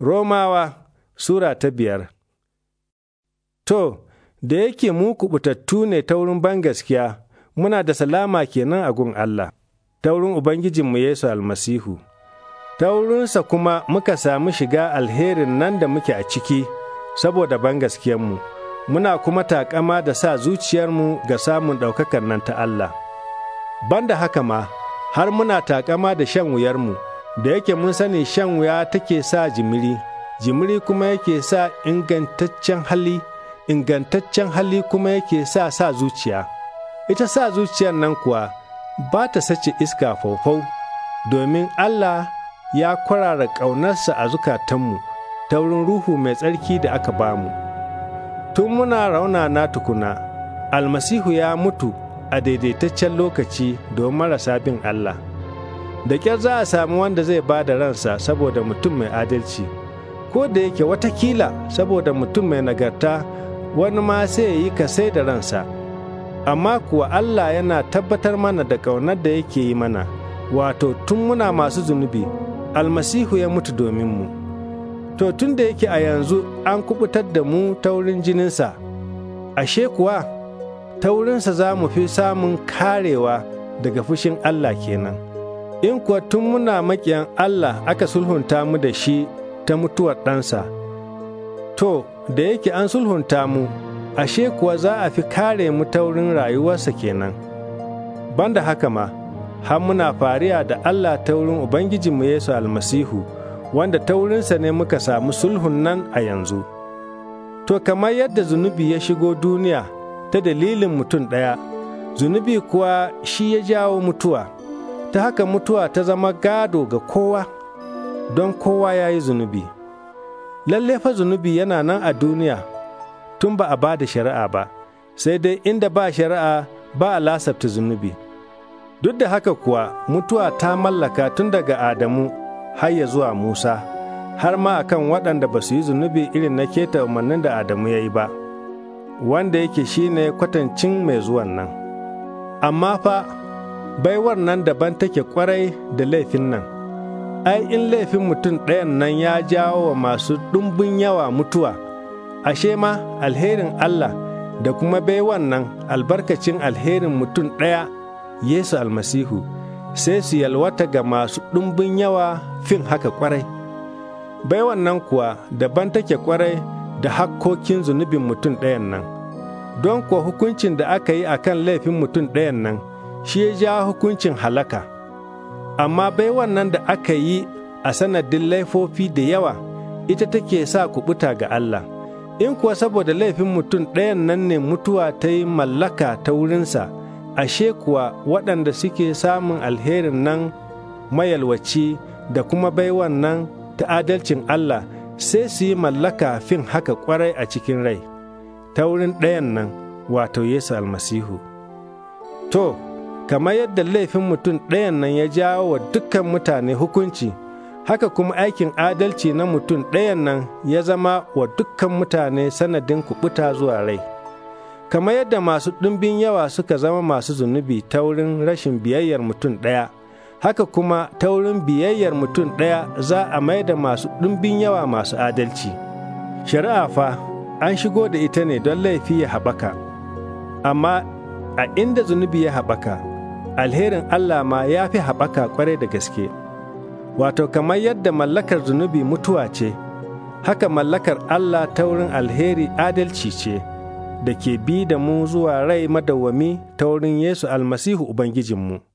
Romawa Sura ta biyar To, da yake mu kubutattu ne ta wurin bangaskiya, muna da salama kenan a gun Allah, ta wurin Ubangijinmu Yesu almasihu. Ta wurinsa kuma muka sami shiga alherin nan da muke a ciki, saboda bangaskiyarmu, muna kuma taƙama da sa zuciyarmu ga samun ɗaukakar nan ta Allah. Banda haka ma, har muna taƙama da shan wuyarmu. da yake mun sani shan wuya take sa jimiri jimiri kuma yake sa ingantaccen hali ingantaccen hali kuma yake sa sa zuciya ita sa zuciyar nan kuwa ba ta sace iska faufau domin Allah ya kwarara ƙaunarsa a zukatanmu ta wurin ruhu mai tsarki da aka bamu tun muna rauna na tukuna almasihu ya mutu a daidaitaccen lokaci don marasa bin Allah da kyar za a samu wanda zai ba da ransa saboda mutum mai adalci ko da yake watakila saboda mutum mai nagarta wani ma sai ya yi sai da ransa amma kuwa Allah yana tabbatar mana da ƙaunar da yake yi mana wato tun muna masu zunubi almasihu ya mutu domin mu to tun da yake a yanzu an kubutar da mu ta wurin jininsa ashe kuwa ta wurinsa za mu fi samun karewa daga fushin Allah kenan. in kuwa tun muna makiyan Allah aka sulhunta mu da shi ta mutuwar ɗansa, to, da yake an sulhunta mu, ashe kuwa za a fi kare mu ta wurin rayuwarsa kenan. Banda haka ma, har muna fariya da Allah ta wurin Ubangijinmu Yesu almasihu, wanda ta wurinsa ne muka samu sulhun nan a yanzu. To, kamar yadda zunubi ya shigo duniya ta dalilin mutum ɗaya, zunubi kuwa shi ya jawo mutuwa. ta haka mutuwa ta zama gado ga kowa don kowa ya yi zunubi lalle fa zunubi yana nan a duniya tun ba a ba da shari'a ba sai dai inda ba shari'a ba a lasafta zunubi duk da haka kuwa mutuwa ta mallaka tun daga adamu har ya zuwa musa har ma akan waɗanda ba su yi zunubi irin na keta umarnin da adamu ya yi ba wanda yake shine kwatancin mai zuwan nan amma fa baiwar nan daban take kwarai da laifin nan ai in laifin mutum ɗayan nan ya jawo wa masu ɗumbin yawa mutuwa ashe ma alherin Allah da kuma baiwar nan albarkacin alherin mutum ɗaya Yesu almasihu sai su yalwata ga masu ɗumbin yawa fin haka kwarai baiwan nan kuwa daban take kwarai da hakkokin zunubin mutum ɗayan nan don kuwa hukuncin da aka yi a kan laifin mutum ɗayan nan shi ya ja hukuncin halaka. Amma bai wannan da aka yi a sanadin laifofi da yawa ita take sa kuɓuta ga Allah. In kuwa saboda laifin mutum ɗayan nan ne mutuwa ta yi mallaka ta wurinsa, ashe kuwa waɗanda suke samun alherin nan mayalwaci da kuma baiwan nan ta adalcin Allah sai su yi mallaka fin haka kwarai a cikin rai, ta wurin ɗayan nan wato Yesu almasihu. To, kamar yadda laifin mutum ɗayan nan ya jawo wa dukkan mutane hukunci haka kuma aikin adalci na mutum ɗayan nan ya zama wa dukkan mutane sanadin kuɓuta zuwa rai kamar yadda masu ɗumbin yawa suka zama masu zunubi ta wurin rashin biyayyar mutum ɗaya haka kuma ta wurin biyayyar mutum ɗaya za a mai da masu ɗumbin yawa masu adalci shari'a fa an shigo da ita ne don laifi ya haɓaka amma a inda zunubi ya haɓaka alherin Allah ma ya fi haɓaka kwarai da gaske. Wato, kamar yadda mallakar zunubi mutuwa ce, haka mallakar Allah ta wurin alheri adalci ce, da ke bi da mu zuwa rai madawwami ta wurin Yesu almasihu Ubangijinmu.